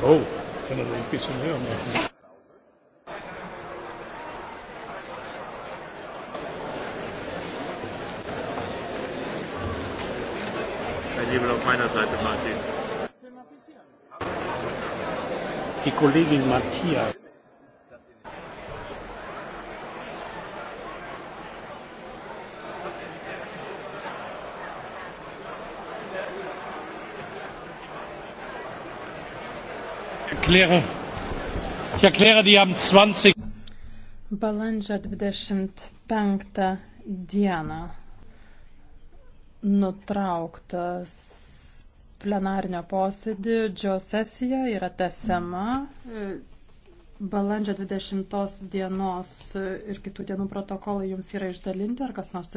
Oh, wenn er den ein bisschen höher machen. Ein Nebel auf meiner Seite, Martin. Die Kollegin Matthias. Balandžio 25 dieną nutrauktas plenarinio posėdžio sesija yra tesiama. Balandžio 20 dienos ir kitų dienų protokolai jums yra išdalinti, ar kas nors turi.